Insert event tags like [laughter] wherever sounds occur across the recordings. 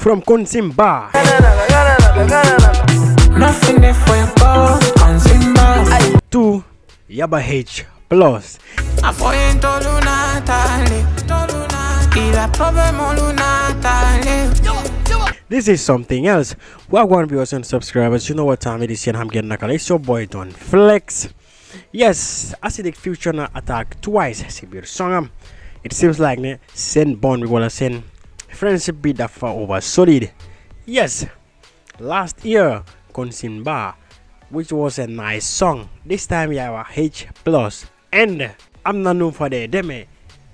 from Konsimba. to Yaba H Plus. This is something else. We're going subscribers. You know what time it is and I'm getting a call. It's your boy Don Flex. Yes, acidic fusion attack twice. Sibir song. It seems like ne bond we wanna send Friendship be the far over solid. Yes, last year, Konsin which was a nice song. This time we have a H plus and I'm not known for the deme.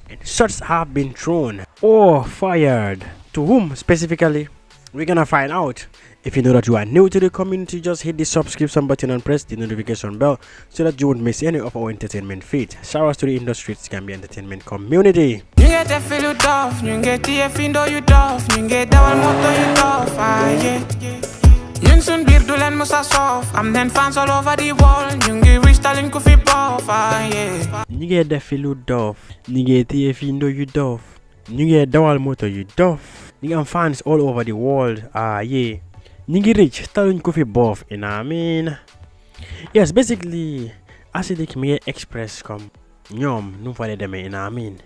And shots have been thrown or fired. To whom specifically? We're gonna find out if you know that you are new to the community, just hit the subscription button and press the notification bell so that you won't miss any of our entertainment feed. Shout out to the industry Gambia entertainment community. Yunsun bir dulen musa sof am nen fans all over the world ñu ngi wish talin ku fi bof yeah ñi ngey def fi lu dof ñi ngey tiye fi ndo yu dof ñu ngey dawal moto yu dof ñi am fans all over the world ah yeah you rich talent coffee buff you know what i mean yes basically acidic me express come nyom no de them you know what i mean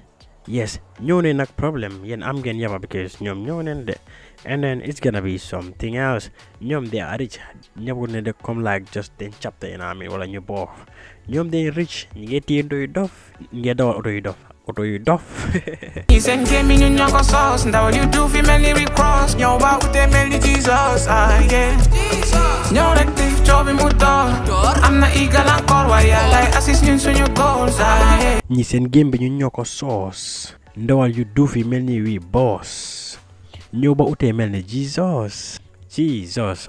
yes nyonin nak problem yen i'm going yaba because nyom nyonin de and then it's gonna be something else nyom they are rich nyom they come like just ten chapter you know what i mean or a buff nyom they rich you get the dof you get the dof oto yu dof seen gémmi ñu ñun ñoo ko soos ndawal yu duuf yi mel ni wi boss ñëw ba utee mel ni Jesus Jesus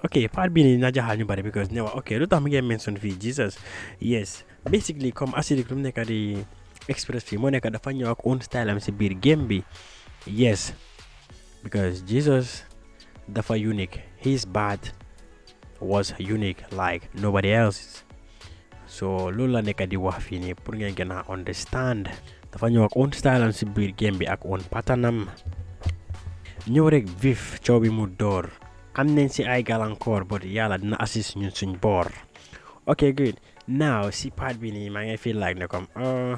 ok part bii nii na jaaxal ñu bari because ne waa ok lu tax mu ngi mention fii Jesus yes basically comme asidik lu mu nekk di express fi moo nekk dafa ak style am si bir game yes because Jesus dafa unique his bad was unique like nobody else so lula neka di wax fi punya pour ngeen gëna understand dafa ñëw ak style am si biir game bi ak own patanam rek vif ciow bi mu door am nañ si ay galancor but yalla dina assist ñun suñ bor ok good now si part bini nii feel like ne comme uh,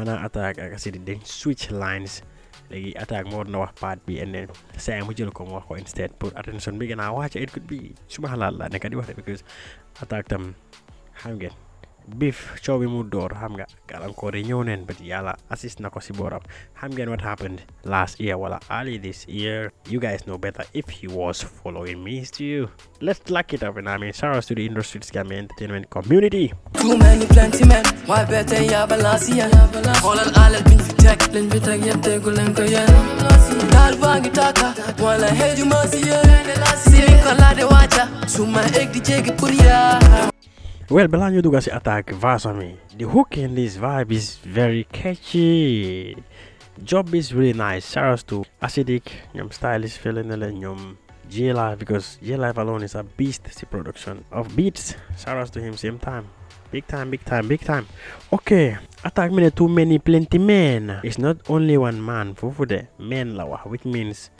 xanaa attack ak City dañ switch lines léegi attack moo doon wax paat bi and then saa mu jël ko mu wax ko instead pour attention bi gën a wàcc it could be suma xalaat la nekk di wax de because attack tam xam ngeen beef coow bi mu door xam nga gàllankoor yi ñëw neen yàlla assist na ko si booram xam ngeen what happened last year wala early this year you guys know better if he was following me still let's lock it up and I mean shout out to the industry scam entertainment community too many plenty men waaye ba tey yaa balaas yéen xoolal alal biñ fi teg liñ fi teg yëpp tegu leen ko yéen taal baa ngi tàkka wala xeeju ma si yéen si ko laa de wacha su egg di jéggi pour well, Belanyo Dugasi attack Vasami. The hook in this vibe is very catchy. Job is really nice. Sarah's too acidic. Yum stylish feeling the yum J Life because J Life alone is a beast. The production of beats. Sarah's to him same time. Big time, big time, big time. Okay, attack me too many plenty men. It's not only one man, fufude, men lawa, which means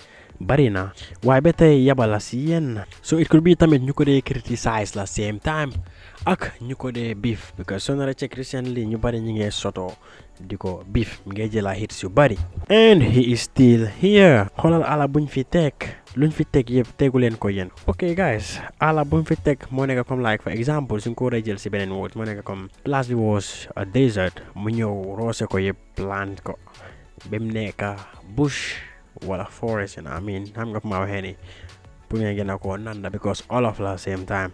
bari na waaye ba tey yabala si yenn so it could be tamit ñu ko dee criticize la same time ak ñu ko dee beef because soo naree check recently ñu bari ñu ngi soto di ko beef mi ngay jëla hits yu bari and he is still here xoolal ala buñ fi teg luñ fi teg yëpp tegu leen ko yéen ok guys ala buñ fi teg moo nekk comme like for example suñ ko war a jël si beneen word moo nekk comme place bi was a desert mu ñëw roose ko yëpp plant ko ba mu nekk wala forest you know i mean i'm nga fu pour a nanda because all of la same time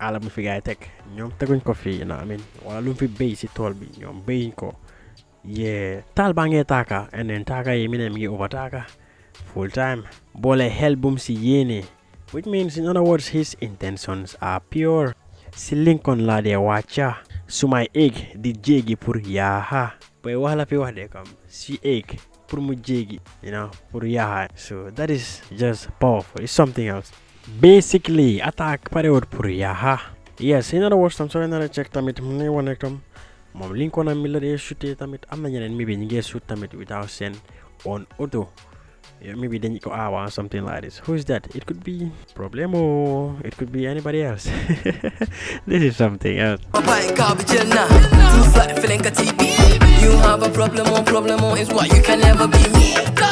ala mu fi nyom tek ñom teguñ ko fi you know i mean wala lu fi béy ci tol bi ñom béyiñ ko yee tal ba ngay taka and then taka yi ngi over taka, full time boleh xel bum si Yeni, which means in other words his intentions are pure si Lincoln laa dee wàcca su egg di jegi pour yaaha booy wax fi wax de kam si egg put Mujigi, you know, put Yaha. So that is just powerful. It's something else. Basically, attack period put Yaha. Yes, in other words, I'm sorry, I checked them. I one them. Mom link on a military shoot eh, it. I'm not going maybe you get shoot them without send on auto. Yeah, maybe then you go hour ah, or something like this. Who is that? It could be Problemo. It could be anybody else. [laughs] this is something else. You have a problem, or oh, problem, or oh, is why you can never be me.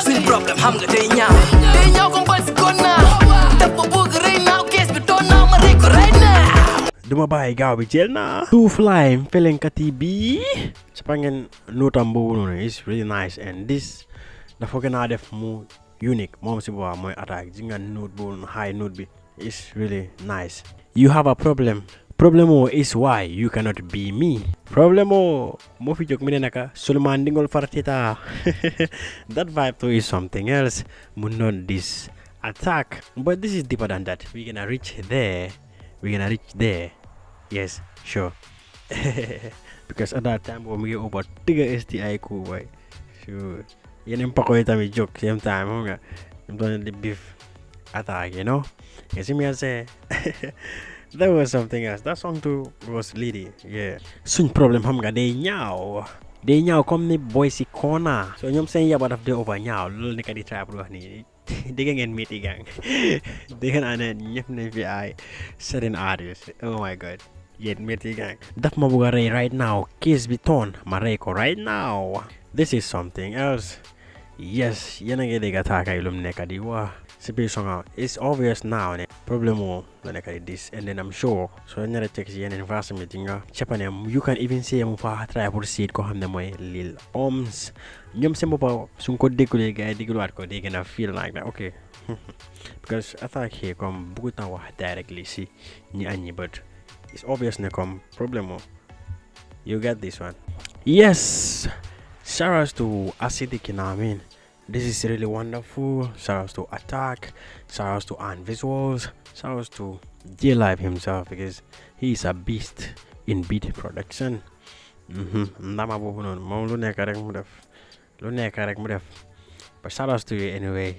Sin problem, hamna day nya Day now, kung bal si kona. Tapo bug right now, case beton now, mariko right now. Duma bay gaw bi jel na. Two fly, feeling katibi. Chapangen notambo no, is really nice and this. Dafa gëna def mu unique mom si bo moy attack ji nga note bo high note bi is really nice you have a problem problemo is why you cannot be me problemo mo fi jog mi ne naka seulement ndingol [laughs] that vibe too is something else mun not this attack but this is deeper than that we're gonna reach there we're gonna reach there yes sure [laughs] because at that time when we over tiga STI ko boy sure yenen pa ko tamit joke same time nga I'm the beef attack you know you see me I say [laughs] there was something else. That song too was Lady. Yeah. Soon problem hamga day now, Day now come ni boysy corner. So you know I'm saying yeah but of the over now, Lol ni kadi trap loh ni. [laughs] Diga ngeen meet gang. Diga na ne ñep ne fi certain artists. Oh my god. Yet meet gang. Daf ma buga ray right now. Kiss be ma ray right now. This is something else. Yes, yana ngi diga takay lum nekadi wa. Sibirisonga. It's obvious now ne problemo like I this and then I'm sure so another text yen and vast meeting uh, Japan um, you can even say mo fa try see it ko xamne moy lil oms ñom sem bopa sun ko déggulé gaay dégluat ko dégg na feel like that okay [laughs] because I thought here come bugu tan wax directly si ñi añi but it's obvious ne come problemo you get this one yes shout to Asidi Kinamin. I mean this is really wonderful shout outs to attack shout outs to and visuals shout outs to j live himself because he's a beast in beat production mm-hmm. ndama boobu noonu moom but shout outs to you anyway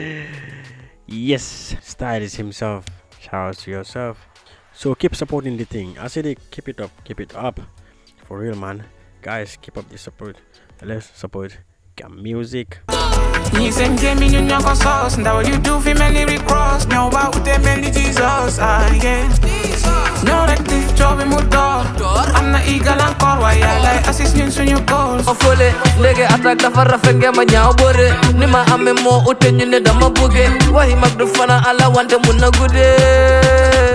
[laughs] yes stylist himself shout outs to yourself so keep supporting the thing i said it, keep it up keep it up for real man guys keep up the support let's support Africa Music. o fole ndege attaque dafa rafet ngema ñaaw bore ni ma amee moo ute ñu ne dama buge waxi mag du fana ala wante mun na guddee